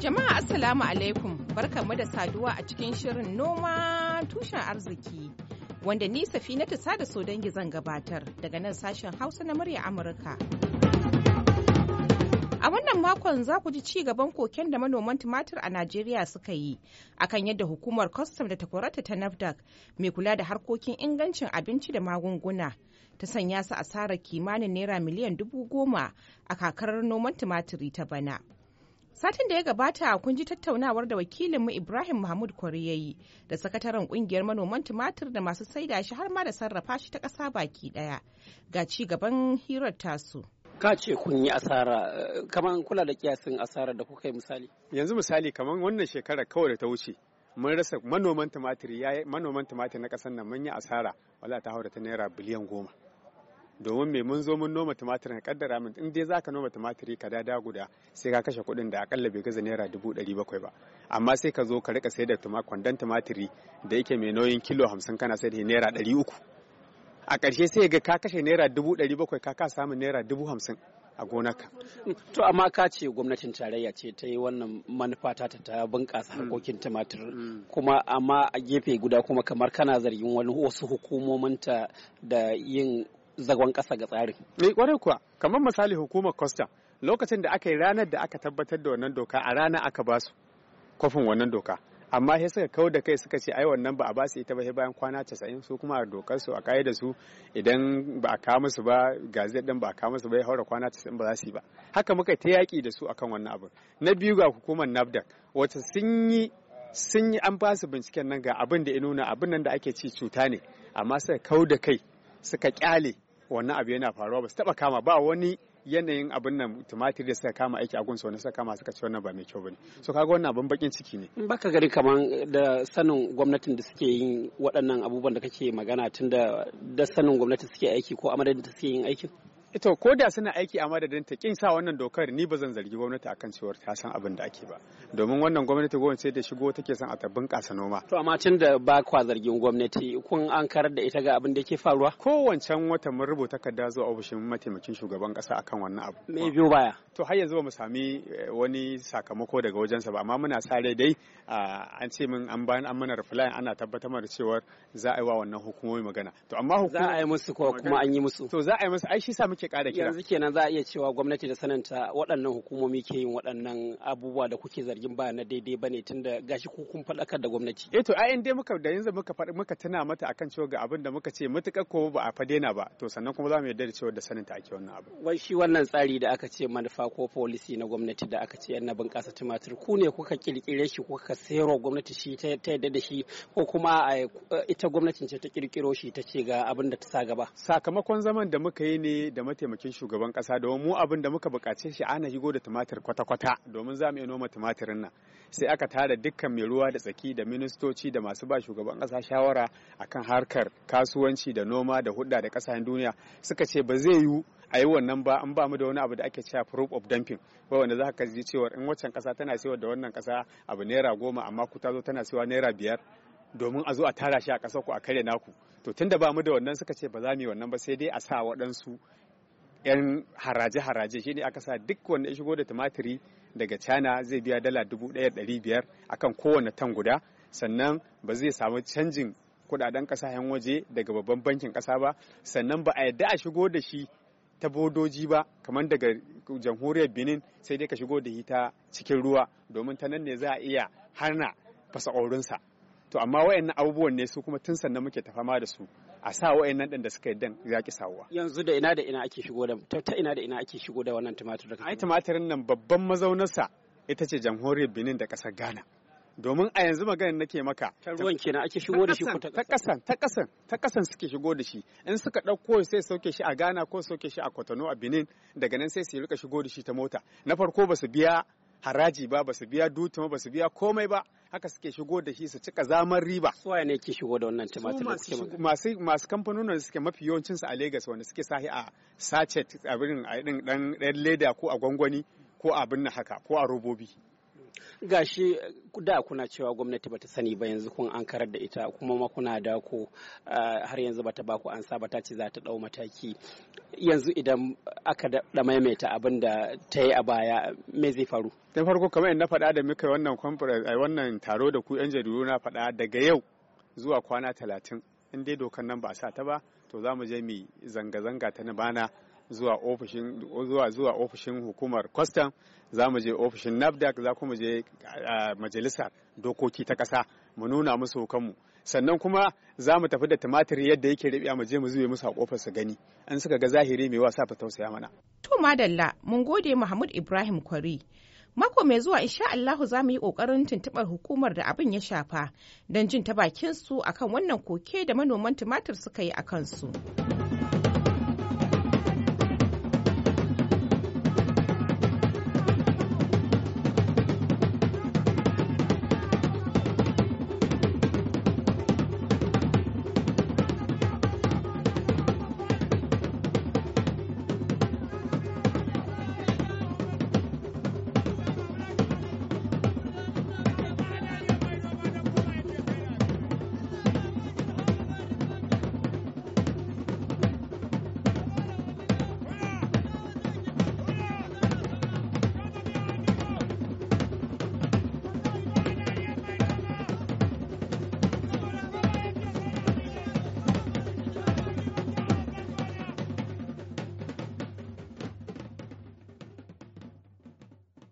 Jama'a Assalamu alaikum barkanmu da saduwa a cikin shirin noma tushen arziki wanda ni safina ta sada so dangi zan gabatar daga nan sashen Hausa na murya Amurka. A wannan makon za ku ji ci gaban koken da manoman tumatir a Najeriya suka yi akan yadda hukumar kwastam da takwarata ta NAFDAC mai kula da harkokin ingancin abinci da magunguna ta sanya su asarar kimanin naira miliyan dubu goma a kakar noman tumatiri ta bana. Satin da ya gabata kun ji tattaunawar da wakilinmu Ibrahim Mahmud Kwari ya yi da sakataren kungiyar manoman tumatir da masu saida shi har ma da sarrafa shi ta ƙasa baki ɗaya. Ga ci gaban hirar tasu. ka ce kun yi asara kamar kula da kiyasin asara da kuka yi misali yanzu misali kamar wannan shekarar kawai da ta wuce mun rasa manoman tumatir manoman tumatir na kasar nan mun yi asara wala ta haura ta naira biliyan goma domin me mun zo mun noma tumatir ka kaddara min in dai zaka noma tumatiri ka dada guda sai ka kashe kuɗin da akalla bai gaza naira dubu ɗari bakwai ba amma sai ka zo ka rika sayar da kwandon tumatiri da yake mai nauyin kilo hamsin kana sayar da naira ɗari uku a ƙarshe sai ga ka kashe naira dubu ɗari bakwai ka ka samun naira dubu hamsin a gonarka. To amma ka ce gwamnatin tarayya ce ta yi wannan manufa ta ta bunƙasa mm. harkokin tumatir mm. kuma amma a gefe guda kuma kamar kana zargin wani wasu ta da yin zagon ƙasa ga tsari. Me eh, kwarai kuwa kamar misali hukumar Costa lokacin da aka yi ranar da aka tabbatar da wannan doka a rana aka ba su kofin wannan doka. Amma sai suka kau da kai suka ce ai wannan ba a ba su ita ba bayan kwana casa'in su kuma a dokar su a kaida su idan ba a kawo musu ba gazet din ba a kawo musu ba ya haura kwana casa'in ba za su yi ba. Haka muka ta yaki da su akan wannan abun. Na biyu ga hukumar NAFDAC wacce sun yi sun yi an ba su binciken nan ga abin da ya nuna abin nan da ake ci cuta ne amma sai kau da kai suka kyale wannan abu yana faruwa ba su taba kama ba wani yanayin abin nan tumatir da suka kama aiki a gunsa wani suka kama suka ce wannan ba mai kyau bane so kaga wannan abin bakin ciki ne baka gari kaman da sanin gwamnatin da suke yin waɗannan abubuwan da kake magana tun da sanin gwamnati suke aiki ko amadan da suke yin aikin ita eh, ko da suna aiki a madadin ta kin sa wannan dokar ni ba zan zargi gwamnati akan cewar ta san abin da ake ba domin wannan gwamnati gwamnati da shigo take son a tabbin kasa noma to amma tun da ba kwa zargin gwamnati kun an karar da ita ga abin da ke faruwa ko wancan watan mun rubuta takarda zuwa ofishin mataimakin shugaban kasa akan wannan abu me biyo baya to har yanzu ba mu sami eh, wani sakamako daga wajensa ba amma muna sa rai dai an ce min an bayan an mana reply ana tabbatar da cewar za a yi wa wannan hukumomi magana to amma za a yi musu ko kuma an yi musu to za a yi musu ai shi sa muke kuke ƙara kira yanzu kenan za a iya cewa gwamnati da sananta waɗannan hukumomi ke yin waɗannan abubuwa da kuke zargin ba na daidai bane tunda gashi ku kun faɗakar da gwamnati eh to ai dai muka da yanzu muka faɗi muka tuna mata akan cewa ga abin da muka ce mutukar ko ba a fadena ba to sannan kuma za mu yarda da cewa da sananta ake wannan abu wai shi wannan tsari da aka ce manufa ko policy na gwamnati da aka ce na bunƙasa tumatir ku ne kuka kirkire shi kuka sayarwa gwamnati shi ta yarda da shi ko kuma eh, ita gwamnatin ce ta kirkiro shi ta ce ga abin da ta sa gaba sakamakon zaman da muka yi ne da mataimakin shugaban kasa domin mu abin da muka bukace shi ana shigo da tumatir kwata-kwata domin za mu iya noma tumatirin nan sai aka tara dukkan mai ruwa da tsaki da ministoci da masu ba shugaban kasa shawara akan harkar kasuwanci da noma da hudda da kasashen duniya suka ce ba zai yiwu a yi wannan ba an ba mu da wani abu da ake cewa proof of dumping ba wanda za ka ji cewa in waccan kasa tana siyar da wannan kasa abu naira goma amma ku ta zo tana siyar naira biyar domin a zo a tara shi a kasa ku a kare naku to tunda ba mu da wannan suka ce ba za mu yi wannan ba sai dai a sa waɗansu 'yan haraje-haraje shi ne aka sa duk wanda ya shigo da tumatiri daga china zai biya dala dubu ɗaya ɗari biyar akan kowane tan guda sannan ba zai samu canjin kudaden kasashen waje daga babban bankin kasa ba sannan ba a yadda a shigo da shi ta bodoji ba kamar daga jamhuriyar benin sai dai ka shigo da ita cikin ruwa domin ta nan ne za a iya hana fasa to amma wayannan abubuwan ne su kuma tun sannan muke tafama da su a sa wa'annan din da suka yaddan ya ki sawuwa yanzu da ina da ina ake shigo da ta ina da ina ake shigo da wannan tumatir da ai tumatirin nan babban mazaunarsa ita ce jamhuriyar Benin da kasar Ghana domin a yanzu maganin nake maka ta ruwan kenan ake shigo da shi ko ta kasan ta kasan ta kasan suke shigo da shi in suka dauko sai sauke shi a Ghana ko sauke shi a Cotonou a Benin daga nan sai su rika shigo da shi ta mota na farko ba su biya haraji ba ba su biya dutuma ba su biya komai ba haka suke shigo da shi su cika zaman riba su waye ne ke shigo da wannan tumatir masu masu da suke mafi yawancin su a Lagos wanda suke sahi a sachet a birnin a dan leda ko a gwangwani ko a abin haka ko a robobi gashi da kuna cewa gwamnati bata sani ba yanzu kun an karar da ita kuma ma kuna da ko har yanzu bata baku an saba ta ce za ta dau mataki yanzu idan aka da maimaita abin da ta yi a baya me zai faru da farko kamar na faɗa da muka wannan conference ai wannan taro da ku yan jaridu na faɗa daga yau zuwa kwana talatin in dai dokar nan ba a sa ta ba to za mu je mu zanga-zanga ta na bana zuwa ofishin hukumar kwastam za mu je ofishin nafdac za kuma je majalisar dokoki ta ƙasa mu nuna musu kanmu sannan kuma za mu tafi da tumatir yadda yake rabiya mu je mu zube musu a kofar su gani an suka ga zahiri mai wasa fa tausaya mana to madalla mun gode Mahmud Ibrahim Kwari mako mai zuwa insha Allahu za mu yi kokarin tuntubar hukumar da abin ya shafa don jin ta bakin su akan wannan koke da manoman tumatir suka yi a kansu.